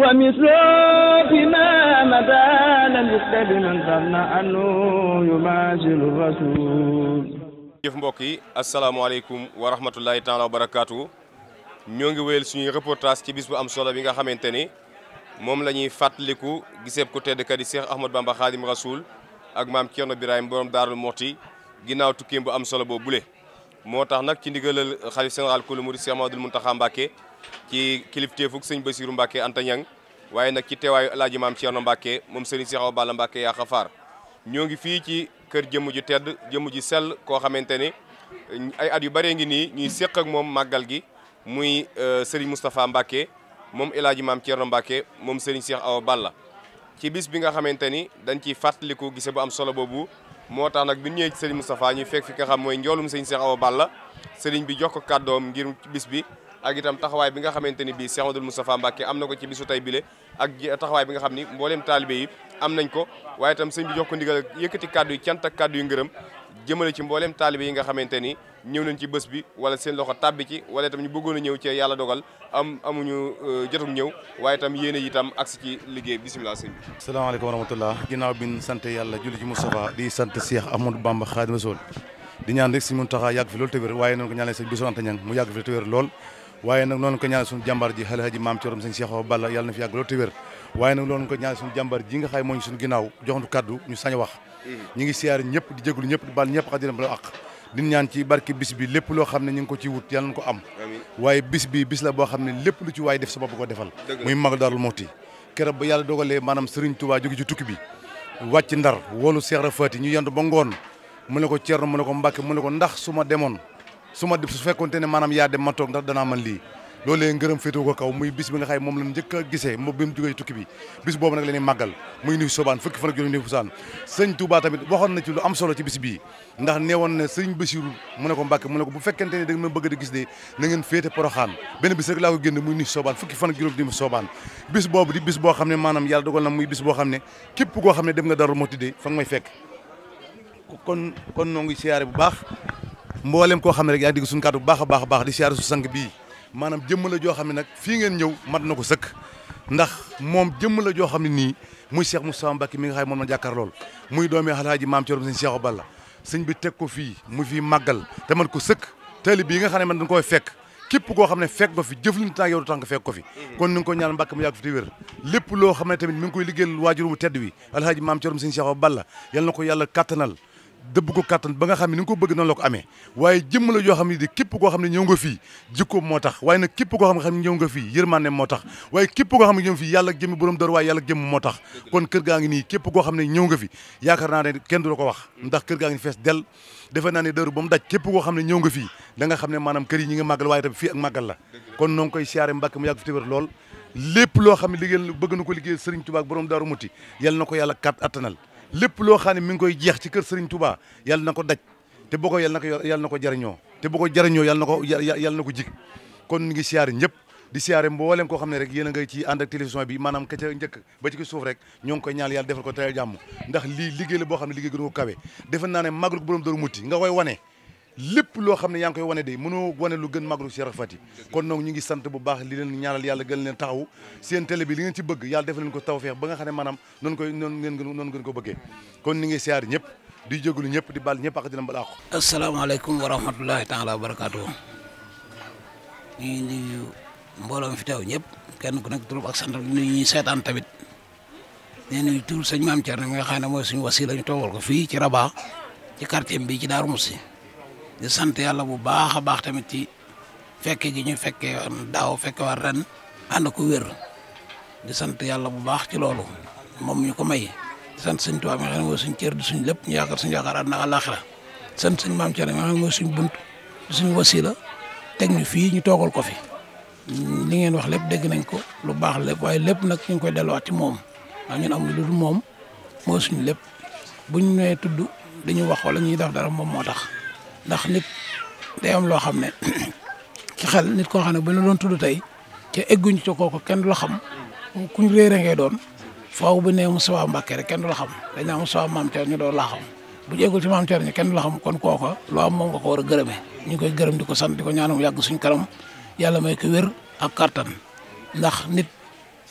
ومثل فيما مدى لم يكتب من ظن أنه يماثل الرسول jëf mbokk yi asalaamaaleykum wa rahmatullahi taala wa barakaatu ñoo ngi wéyal suñuy reportage ci bis bu am solo bi nga xamante ni moom lañuy ñuy fàttaliku giseeb ku tedd kat yi Cheikh Ahmadou Bamba Khadim Rasoul ak maam Thierno Birahim borom Daarul Moxti ginnaaw tukkeem bu am solo boo bule moo tax nag ci ndigalal xalif général kulu murid Cheikh Mahamadul Muntaxa Mbàkke ci kilifteefuk sëñ Basiiru Mbàkke Anta Ñang waaye nag ci teewaayu alaaji maam Ceerno Mbàkke moom sëriñ Seex Awa Balla ñoo ngi fii ci kër jëmm ju tedd jëmm ju sell koo xamante ni ay at yu bëree ngi nii ñuy ak moom màggal gi muy euh, sëriñ Moustapha Mbàkke moom alaaji maam Ceerno Mbàkke moom sëriñ Seex Awa Balla ci bis bi nga xamante ni dañ ciy fàttaliku gise bu am solo boobu moo tax nag bi ñëwee ci sëriñ Moustapha ñu fekk fi xam mooy njoolum sëriñ Seex Awa Balla sëriñ bi jox ko kàddoom ngir bis bi ak itam taxawaay bi nga xamante ni bii Cheikh Amadou Moustapha Mbacke am na ko ci bisu tay bile ak taxawaay bi nga xam ni mbooleem taalibe yi am nañ ko waaye itam sëñ bi jox ko ndigal yëkkati kàddu yi cant ak kàddu yu ngërëm jëmale ci mbooleem taalibe yi nga xamante ni ñëw nañ ci bës bi wala seen loxo tabi ci wala itam ñu bëggoon a ñëw ci yàlla dogal am amuñu euh, jotug ñëw waaye itam yéene itam agsi ci liggéey bisimila sëñ bi asalaamaaleykum wa rahmatullah ginnaaw bi ñu yàlla julli ci Moustapha sant Cheikh Ahmadou Bamba Khadimou Rassoul di ñaan rek si mun taxaa yàgg waaye nag noonu ko ñaanal suñu jàmbaar ji alhaji maam Coorom sëñ Cheikh Balla yàlla na fi yàgg loolu te wér waaye nag noonu ko ñaanal suñu jàmbaar ji nga xay mooñ suñu ginnaaw joxantu kaddu ñu sañ a wax ñu ngi siyaar ñëpp di jéglu ñëpp di bal ñëpp xadina ba di ñaan ci barke bis bi lépp loo xam ne ñu ngi ko ci wut yàlla na ko am waaye bis bi bis la boo xam ne lépp lu ci waaye def sa bopp ko defal muy mag daarul mooti keroog ba yàlla dogalee maanaam Serigne Touba jóge ci tukki bi wàcc ndar woolu Cheikh Rafati ñu yendu ba ngoon mu ne ko Ceerno mu ne ko Mbàkke mu ne ko ndax su ma demoon su ma su fekkonte ne maanaam yaa dem ma toog ndax danaa man lii loolee ngërëm féetoo ko kaw muy bis bi nga xay moom lañ njëkk a gisee moom bi mu jógee tukki bi bis boobu nag la ñuy màggal muy nuyu sobaan fukki na bis ne sëñ Bassirou mu ne ne ko bu fekkente ne da nga ma bëgg di gis de na ngeen féete poroxaan benn bis rek laa ko génn muy nuyu sobaan fukki fan ak juróom nifu sobaan bis boobu xam ne maanaam yàlla na muy bis boo xam ne képp koo dem nga Darou Mouhty de fa nga may fekk kon kon siyaare bu baax mboolem koo xam ne rek yaa ngi dégg baax a baax a baax di siyaare su sang bii maanaam jëmm la joo xam ne nag fii ngeen ñëw mat na ko sëkk ndax moom jëmm la joo xam ne nii muy Cheikh Moustapha Mbacké mi nga xam ne moom na muy doomi Alaaji Maam Coorom sëñ Cheikh Balla sëñ ko fii mu fii màggal te man ko sëkk taalib bi nga xam ne man dañ koy fekk képp koo xam ne fekk ko fi jëflante ak yow ko fi kon ni mu yàgg fi te wér lépp loo xam ne tamit mi ngi koy liggéeyal waajur bu tedd wi Alaaji Maam Coorom sëñ Cheikh Balla yal na ko yàlla kattanal dëbb ko kattan ba nga xam ne ni nga ko bëgg noonu la ko amee waaye jëmm la yoo xam ne di képp koo xam ne ñëw nga fii jikkoom moo tax waaye na képp koo xam ne ñëw nga fii yërmande moo tax waaye képp koo xam ne ñëw fii yàlla jëmmi borom dër waaye yàlla jëmm moo tax kon kër gaa ngi nii képp koo xam ne ñëw nga fi yaakaar naa ne kenn du ko wax ndax kër gaa ngi fees del defe naa ne dëru ba mu daj képp koo xam ne ñëw nga fi da xam ne maanaam kër yi ñi nga màggal waaye tamit fii ak màggal la kon noo ngi koy siyaare Mbàkke mu yàgg fi téwér lool lépp loo xam ne liggéeyal bëgg na ko liggéeyal Sëriñ Tuubaa borom Daaru Muti yàlla na ko yàlla kat attanal lépp loo xam ne mi ngi koy jeex ci kër Serigne Touba yàlla na ko daj te boo ko yàlla na ko yàlla na ko jariñoo te boo ko jariñoo yàlla na ko yàlla na ko jig kon mi ngi siyaare ñëpp di siyaare mboolem koo xam ne rek yéen a ngay ci ànd ak bi maanaam ka ca njëkk ba ci ki suuf rek ñoo ngi koy ñaan yàlla defal ko tey jàmm ndax lii liggéey la boo xam ne liggéey gën ko kawe defe naa ne magal ko borom Daaru Muxti nga koy wane lépp loo xam ne yaa ngi koy wane de mënoo wane lu gën magalu Cheikh Fati kon noonu ñu ngi sant bu baax li leen ñaanal yàlla gën leen taxawu seen télé bi li ngeen ci bëgg yàlla def leen ko taw ba nga xam ne maanaam noonu koy noonu ngeen noonu ngeen ko bëggee kon ni ngi siyaar ñëpp di jégalu ñëpp di baal ñëpp ak dina balaax asalaamaaleykum wa rahmatulahi taala wa barakaatu ñu ngi nuyu mbooloo fi teew ñëpp kenn ku nekk ak sant ñu ñuy seetaan tamit nee nañu tur sëñ Maam Thierno mi nga xam mooy suñu wasila ñu toogal ko fii ci Rabat ci quartier bi ci Darou Moussi di sant yàlla bu baax a baax tamit ci fekke gi ñu fekkee daaw fekke waa ren ànd ko wér di sant yàlla bu baax ci loolu moom ñu ko may di sant sëñ Tuubaa mi nga xam ne mooy suñ cër di suñ lépp ñu yaakaar suñ yaakaar àddina àllaaxira sant sëñ maam Thierno mi nga xam ne mooy suñ bunt suñ wasila teg ñu fii ñu toogal ko fi li ngeen wax lépp dégg nañ ko lu baax lépp waaye lépp nag ñu ngi koy delluwaat ci moom waaye ñun amuñu lu dul moom mooy suñ lépp buñ nee tudd dañu wax wala ñuy def dara moom moo tax. ndax nit day am loo xam ne ci nit koo xam ne bu ñu doon tudd tey ca egguñ ci kooku kenn du la xam kuñ réere ngay doon faaw bu nee Moustapha Mbacké rek kenn du la xam dañ naa Moustapha Mame Thior ñu doon la bu ñu eggul ci Mame Thior ñu kenn du la xam kon kooka loo am moom nga ko war a gërëmee ñu koy gërëm di ko sant di ko ñaan mu yàgg suñ kanam yàlla may ko wér ak kattan ndax nit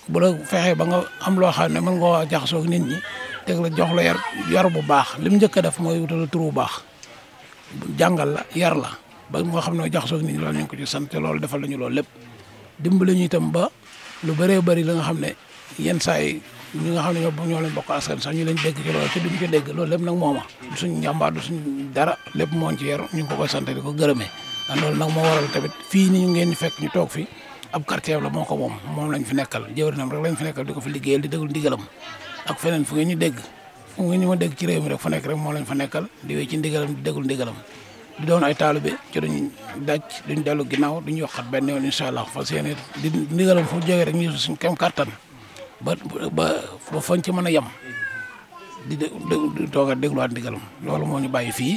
bu la fexee ba nga am loo xam ne mën a jaxasoo ak nit ñi teg la jox la yar yar bu baax li mu njëkk a def mooy tur bu baax jàngal la yar la ba nga xam ne jaxasoo nit ñi loolu ñu ko ci sant loolu defal nañu loolu lépp dimbali ñu itam ba lu bëree bari la nga xam ne yenn saa yi ñi nga xam ne ñoo ñoo leen bokk askan sax ñu leen dégg ci loolu te dégg loolu lépp nag mooma suñ njàmbaar du suñ dara lépp mooñ ci yaru ñu ngi ko koy sant di ko gërëmee ndax loolu nag moo waral tamit fii ni ñu ngeen fekk ñu toog fi ab quartier la moo ko moom moom lañ fi nekkal jëwrinam rek lañ fi nekkal di ko fi liggéeyal di déglu ndigalam ak fu ngeen ñu dégg xam nga ni ma dégg ci réew mi rek fa nekk rek fa nekkal di wéy ci ndigalam di déglu ndigalam di doon ay taalibe ci duñ daj duñ dellu ginnaaw duñ waxat benn yoon incha allah fas yéene di ndigalam fu jógee rek ñi suñ kem kattan ba ba ba fañ ci mën a yem di di toog a dégluwaat ndigalam loolu moo ñu bàyyi fii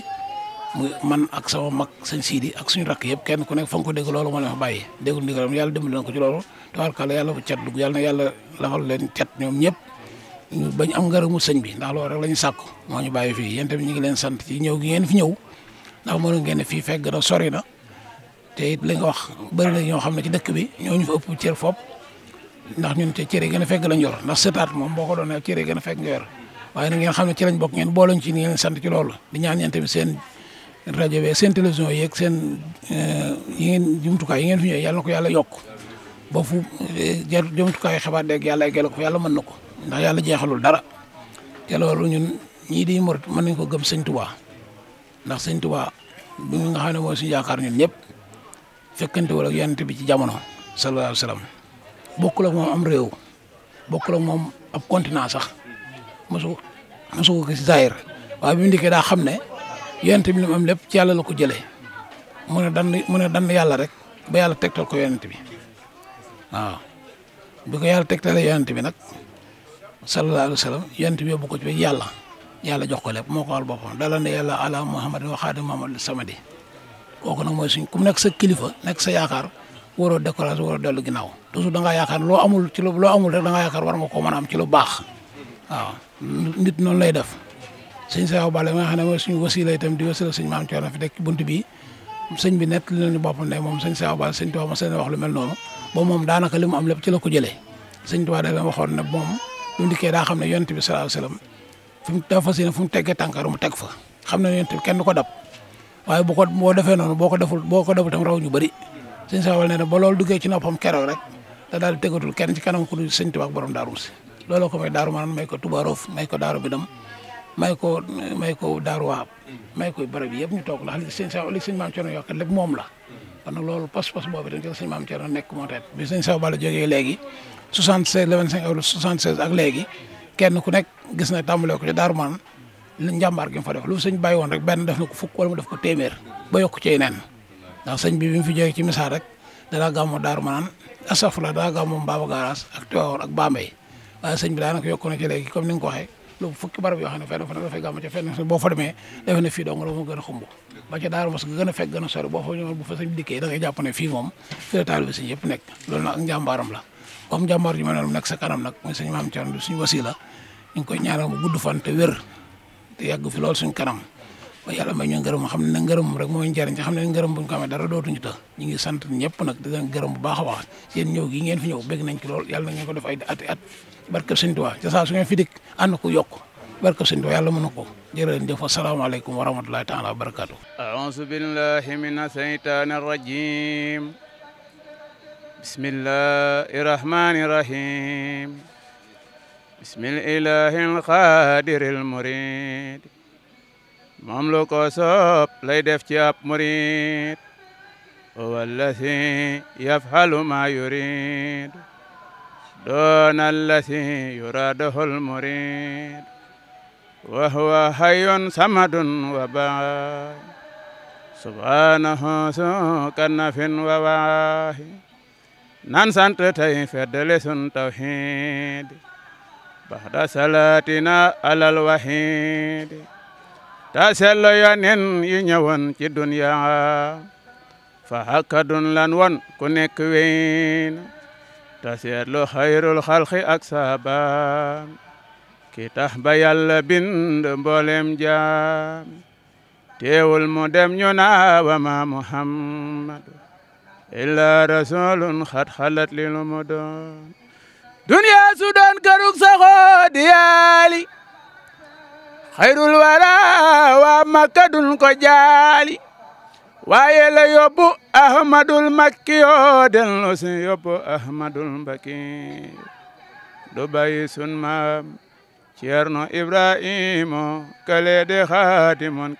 man ak sama mag sëñ Sidi ak suñu rakk yëpp kenn ku nekk fa nga ko dégg loolu moo leen fa bàyyi déglu ndigalam yàlla dimbali na ko ci loolu tawarkàlla yàlla bu cat dugg yàlla na yàlla lafal leen cat ñoom ñëpp bañ am ngërëmu sëñ bi ndax loolu rek la ñu sàkku moo ñu bàyyi fii yéen tamit ñu ngi leen sant ci ñëw gi ngeen fi ñëw ndax mënu ngeen fii fekk na sori na it li nga wax bëri na ñoo xam ne ci dëkk bi ñoo ñu fa ëpp ndax ñun te cër gën a fekk lañ yor ndax sëtaat moom boo ko doon cër yi gën a fekk nga yor waaye na ngeen xam ne ci lañ bokk ngeen boolañ ci ni ngeen sant ñeen tamit seen rajo bi seen télévision yeeg seen ngeen eh, jumtukaay yi ngeen fi ñëw yàlla na ko yàlla yokk ba fu eh, jumtukaayu xibaar dégg yàlla eggale ko yàlla mën na ko ndax yàlla jeexalul dara te loolu ñun ñii di murit mën nañ ko gëm sëñ Tuubaa ndax sëñ Tuubaa bi nga ne mooy suñu yaakaar ñun ñëpp fekkante wala ak yonent bi ci jamono sallallahu alayhi wa bokkul ak moom am réew bokkul moom ab continent sax mosu mosu ko gis zaahir waaye bi mu dikkee daa xam ne yonent bi li mu am lépp ci yàlla ko jëlee mu ne dann mu ne dann yàlla rek ba yàlla tegtal ko yonent bi waaw bi ko yàlla tegtalee yonent bi nag sallallahu alayhi wa sallam yonent bi yóbbu ko ci ba yàlla yàlla jox ko lépp moo ko wal boppam dala ne yàlla ala muhammadin wa xaadim muhammad samadi kooku na mooy suñ ku nekk sa kilifa nekk sa yaakaar waroo découragé waroo dellu ginnaaw toujours da ngaa yaakaar loo amul ci loo amul da ngaa yaakaar war nga koo mën a am baax waaw nit noonu lay def sëñ Seex Balla ma nga xam ne mooy suñu wasila itam di wasila sëñ maam Coono fi nekk bunt bi sëñ bi nett li nañu boppam ne moom sëñ Seex Balla sëñ Tuubaa ma wax lu mel noonu ba moom daanaka li mu am lépp ci la ko jëlee sëñ Tuubaa da la waxoon ne moom bu ndikkee daa xam ne yonent bi sallallahu alayhi fu mu teggee tànkaru mu teg fa xam ne yonent bi kenn du ko dab waaye bu ko boo defee noonu boo ko deful boo ko deful tam raw ñu bëri sëñ Saaliw nee na ba loolu duggee ci noppam keroog rek da daal di tegatul kenn ci kanam ku dul sëñ Tuubaa ñu toog ndax li sëñ Saaliw la kon nag loolu pas-pas boobu 76 le 25 avril 76 ak léegi kenn ku nekk gis na tàmbalee ko ci Darou Manane li njàmbaar gi mu fa def lu sëñ bàyyi woon rek benn def na ko fukk wala mu def ko téeméer ba yokk ci neen ndax sëñ bi bi fi jógee ci misaal rek danaa gàmmu Darou Manane asafula danaa gàmmu Mbaba Garaas ak Tiwaawoon ak Bambey waaye sëñ bi daanaka yokku na ci léegi comme ni nga lu fukki barab yoo xam ne fenn fa boo fa demee defe ne fii la moo gën a xumb ba ca daaru a a sori boo fa ñëwoon bu fa sëñ dikkee da ngay jàpp ne fii moom fi nekk loolu nag njàmbaaram la comme jàmbaar ju mel noonu nag sa kanam nag mooy suñu maam Thierno suñu wasila ñu ngi koy ñaanal bu gudd fan te wér te yàgg fi lool suñu kanam ba yàlla may ñu ngërëm xam ne ngërëm rek mooy njariñ ci xam ne ngërëm buñ ko amee dara dootuñu të ñu ngi sant ñëpp nag di leen gërëm bu baax a baax seen ñëw gi ngeen fi ñëw bégg nañ ci lool yàlla na ngeen ko def ay ati at barke sëñ Tuubaa ca saa su ngeen fi dikk ànd ko yokk barke sëñ Tuubaa yàlla mën na ko jërëjëf asalaamaaleykum wa rahmatulahi taala wa barakaatu. aouzu billahi mina seytaani rajim بسم الله الرحمن الرحيم بسم الإله القادر المريد moom lu ko soob lay def ci ab murid huwa allazi yaf'alu ma yurid doona allazi yuraduhu al murid wa huwa hayyun samadun wa baay subhanahu su kannafin wa waahi nan sant tey feddale sun tawxiid baxda salaatina alal waxiid ta sello yonen yu ñëwoon ci dunya fa hakkadun lan won ku nekk weyn ta seetlu xayrul xalqi ak saaba ki tax ba yàlla bind mboolem jaam teewul mu dem ñu naa wa ma muhammad illa rasulun xat xalat li lu mu doon dunya su doon xayrul wara waa makka dun ko jaali waaye la yóbbu ahmadul makki yoo dellu ahmadul mbakki du bàyyi sun maam ceerno ibrahima kale de xaatimoon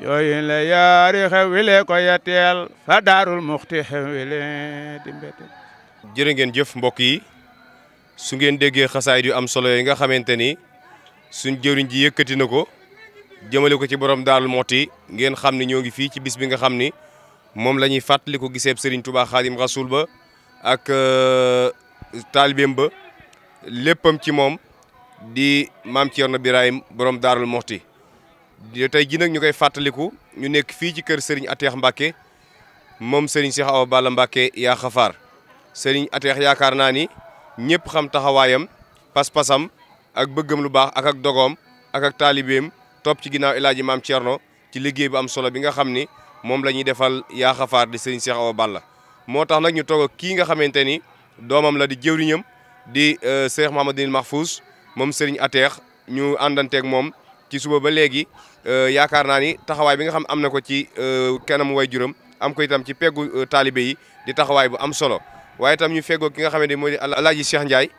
yooyu la yaari xew wile ko yetteel fa daarul muxti xew wile dimbete jërë ngeen jëf mbokk yi su ngeen déggee xasaayit yu am solo yi nga xamante ni suñ jëriñ ji yëkkati na ko jëmale ko ci borom daarul muxti ngeen xam ne ñoo ngi fii ci bis bi nga xam ni moom la ñuy fàttali ko giseeb Serigne Touba Xaadim Rasul ba ak euh, taalibeem ba léppam ci moom di maam Thierno Birahim borom daarul muxti tey jii nag ñu koy fàttaliku ñu nekk fii ci kër Serigne Ateex mbake moom Serigne Cheikh Awa Balla Mbacke yaa xafaar Serigne Ateex yaakaar naa ni ñëpp xam taxawaayam pas-pasam ak bëggam lu baax ak ak dogoom ak ak taalibeem topp ci ginnaaw El Hadji Maam Thierno ci liggéey bu am solo bi nga xam ni moom la defal yaa xafaar di Serigne Cheikh Awa Balla moo tax nag ñu toog kii nga xamante ni doomam la di jëwriñam di euh, Cheikh Mouhamadou Mahfouz moom Serigne Ateex ñu àndanteeg moom. ci suba ba léegi euh, yaakaar naa ni taxawaay bi nga xam am na ko ci euh, kanam way juram am ko itam ci peggu euh, taalibe yi di taxawaay bu am solo waaye itam ñu feggoo ki nga xamante ni mooy Alaaji Cheikh Ndiaye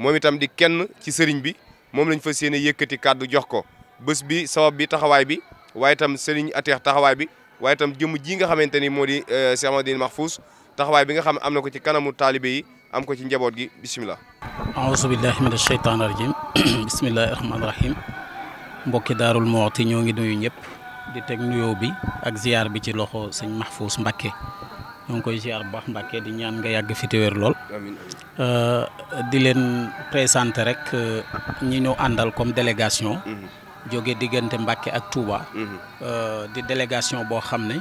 moom itam di kenn ci sëriñ bi moom lañ fas yéene yëkkati kàddu jox ko bés bi sabab bi taxawaay bi waaye itam sëriñ Ateex taxawaay bi waaye itam jëmm nga xamante ni moo di Cheikh Amadou Mahfous taxawaay bi nga xam am na ko ci kanamu taalibe yi am ko ci njaboot gi bisimilah. aouzu billahi mina shaytaani rajim bismillahi mbokki daarul mooti ñoo ngi nuyu ñëpp di teg nuyoo bi ak ziar bi ci loxo sëñ Mahfous Mbacké ñoo ngi koy ziar bu baax di ñaan nga yàgg fi te lool. Euh, di leen présenté rek euh, ñi ñu àndal comme délégation. Mhm. jóge diggante Mbacké ak Touba. Mhm. Euh, di délégation boo xam ne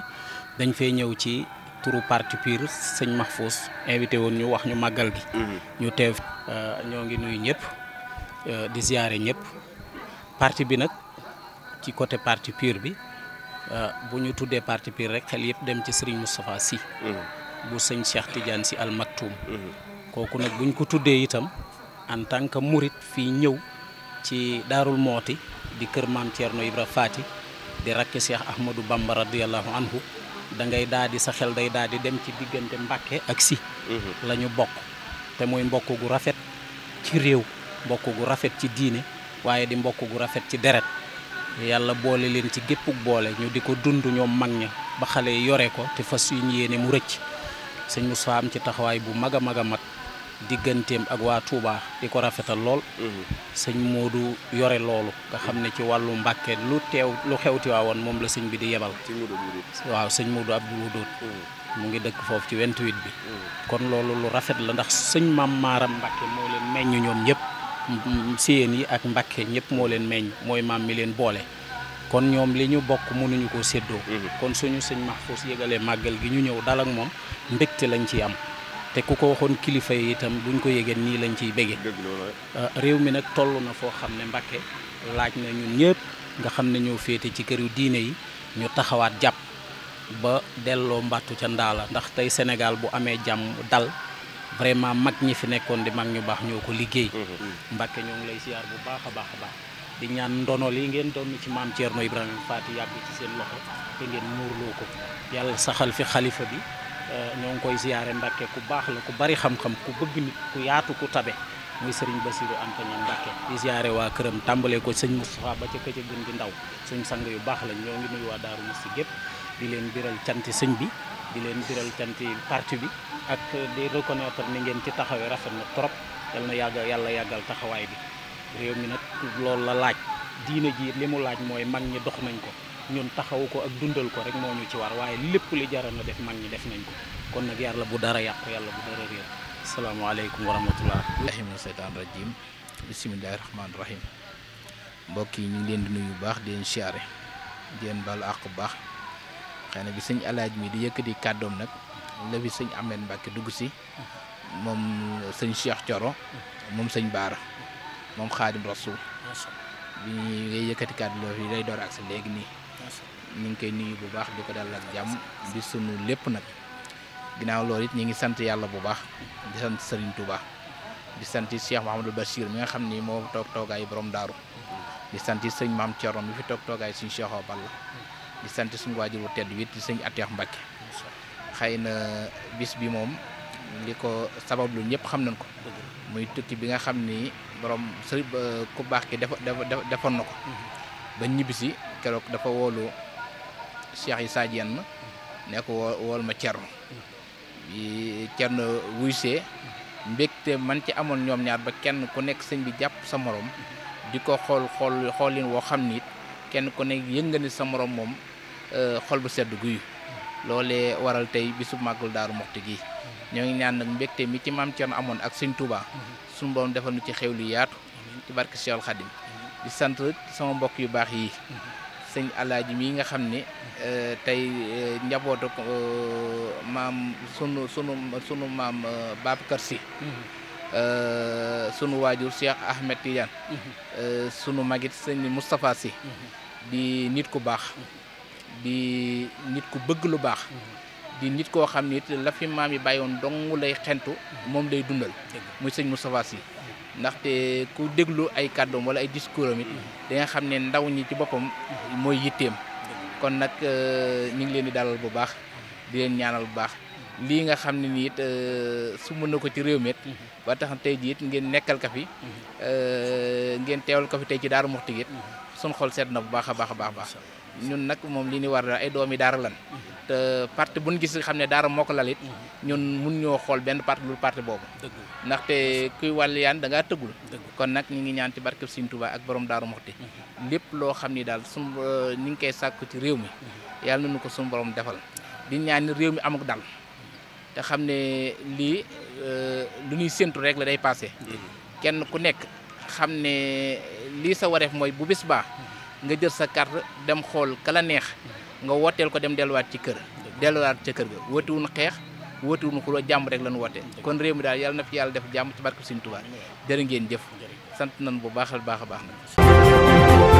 dañ fay ñëw ci turu parti PUR sëñ Mahfous invité woon ñu wax ñu màggal gi. Mhm. ñu teew ñoo ngi nuyu ñëpp di ziare ñëpp. parti bi nag ci côté parti pur bi euh, bu ñu tuddee parti pur rek xel yëpp dem ci Serigne Moustapha Sy mm-hmm. bu sëñ Cheikh Tidiane si Al mm-hmm. kooku nag buñ ko tuddee itam en tant que murit fii ñëw ci Daarul Mooti di kër maam Thierno Ibra Faati di rakki Cheikh Ahmadou Bamba radiyallahu anhu da ngay daal di sa xel day daal di dem ci diggante Mbàkke ak si mm-hmm. lañu bokk te mooy mbokk gu rafet ci réew mbokk gu rafet ci diine waaye di mbokk gu rafet ci deret yàlla boole leen ci géppug boole ñu di ko dund ñoom mag ña ba xale yi yore ko te fas yuñ yéene mu rëcc sëñ Moussa ci taxawaay bu mag a mag a mag digganteem ak waa Touba di ko rafetal lool. Mhm. sëñ Modou yore loolu. nga xam ne ci wàllu mbàkke lu teew lu xewti waa woon moom la sëñ bi di yebal. waaw sëñ Modou Abdou Wadoud. Mhm. mu ngi dëkk foofu ci 28 bi. Mhm. kon loolu lu rafet la ndax sëñ maam Maaram Mbàkke moo leen meññ ñoom ñëpp. siyeen yi ak Mbàkke ñëpp moo leen meññ mooy maam mi leen boole kon ñoom li ñu bokk mënuñu ko séddoo mhm. kon suñu sëñ Mahfous yëgalee màggal gi ñu ñëw dal ak moom mbégte lañ ciy am te ku ko waxoon kilifa yi itam buñ ko yëgee nii lañ ciy béggee euh, réew mi nag toll na foo xam ne Mbàkke laaj na ñun ñëpp nga xam ne ñoo féete ci këru diine yi ñu taxawaat jàpp ba delloo mbàttu ca ndaa la ndax tey Sénégal bu amee jàmm dal vraiment mag ñi fi nekkoon di mag ñu baax ñoo ko liggéey mm-hmm. Mbàkke ñoo ngi lay siyaar bu baax a baax a baax di ñaan ndono li ngeen doon ci maam Thierno Ibrahima Faty yàgg ci seen loxo te ngeen muurloo ko yàlla saxal fi xalifa bi euh, ñoo ngi koy siyaare Mbàkke ku baax la ku bari xam-xam ku bëgg ku yaatu ku tabe muy Serigne Bassirou Anta Niang Mbacke di ziare waa këram tàmbalee ko sëñ Moustapha ba ca këcc gën gi ndaw suñ sang yu baax lañ ñoo ngi nuyu waa Daaru Musti gépp di leen biral canti sëñ bi di leen biral canti parti bi ak di reconnaître ni ngeen ci taxawee rafet na trop yal na yàgg yàlla yàggal taxawaay bi réew mi nag loolu la laaj diine ji li mu laaj mooy mag ñi dox nañ ko ñun taxawu ko ak dundal ko rek moo ñu ci war waaye lépp li jaroon na def mag ñi def nañ ko kon nag yàlla bu dara yàqu yàlla bu dara réer asalaamaaleykum wa rahmatullah mina seytaan rajim bisimilahi rahmaani rahim mbokk yi ñu leen di nuyu baax di leen siyaare di leen bu baax xëy na bi sëñ alaaj mi di yëkkati nag la sëñ Ameen Mbàkke dugg si moom sëñ Cheikh coro moom sëñ Baara moom Xaadim Rasul bi ngay yëkkati kàddu loo fi lay door ak si léegi nii mu ngi koy nuyu bu baax di ko dalal ak jàmm bi sunu lépp nag ginnaaw loolu it ñi ngi sant yàlla bu baax di sant Serigne Touba di sant Cheikh Mahamadou Bachir mi nga xam ni moo toog toogaayu borom daaru di sant sëñ Maam Thioro mi fi toog toogaayu suñu Cheikh Obal di sant suñu waajur wu tedd wit di sëñ Ateex Mbàkke xëy na bis bi moom li ko sabab lu ñëpp xam nañ ko muy tukki bi nga xam ni borom sëriñ euh, ku baax ki dafa dafa defoon na ko ba ñibbisi keroog dafa wooloo Cheikh Issa Diène ne ko wool ma Cerno bi Cerno wuysee mbégte man ci amoon ñoom ñaar ba kenn ku nekk sëñ bi jàpp sa moroom di ko xool xool xoolin woo xam ni kenn ku nekk yëngani sa moroom moom euh, xol bu sedd guyu loolee waral tey bisub màggul daaru moxti gi ñoo ngi ñaan nag mbégte mi ci maam Cerno amoon ak sëñ Touba suñu borom defal nu ci xew lu yaatu ci barke si Xadim sant sama mbokk yu baax yi sëñ alaaji mii nga xam ne euh, tey euh, njabootu euh, maam sunu sunu sunu maam Babacar Sy sunu waajur Cheikh Ahmed Tidiane mhm. sunu magit sëñ Moustapha Sy mhm. di nit ku baax di nit ku bëgg lu baax di nit koo xam ni lafi fi maam yi bàyyoon dong lay xentu moom day dundal muy sëñ Moustapha Sy ndaxte ku déglu ay kàddoom wala ay discours am it da nga xam ne ndaw ñi ci boppam mooy yitteem kon nag euh, ñu ngi leen di daalal bu baax di leen ñaanal bu baax lii nga xam ne nii it euh, su mën na ko ci réew mi it tax tey jiit it ngeen nekkal ka fi euh, ngeen teewal ko fi tey ci Daaru Muxti it suñ xol seet na bu baax a baax a baax baax ñun nag moom li ni war ay doomi daara lan te parti buñ gis xam ne daara moo ko lalit ñun mun ñoo xool benn parte lu parti boobu ndaxte kuy wàll yaan da ngaa tëggul kon nag ñu ngi ñaan ci barkeb Sëriñ Tuubaa ak borom daaru moxti lépp loo xam ni daal sum euh, ñu ngi koy sàkku ci réew mi yàlla nañu ko suñu borom defal di ñaan réew mi amuk dal te xam ne lii euh, lu ñuy séntu rek la day passé kenn ku nekk xam ne lii sa wareef mooy bu bis baa hmm. nga jël sa carte dem xool kala neex nga wooteel ko dem delluwaat ci kër delluwaat ca kër ga wootiwuñ xeex wootiwuñ xuloo jàmm rek lañu woote kon réew mi daal yàlla na fi yàlla def jàmm ci barke Sëriñ Tuubaa jërë ngeen jëf sant nan bu baaxal baax a baax na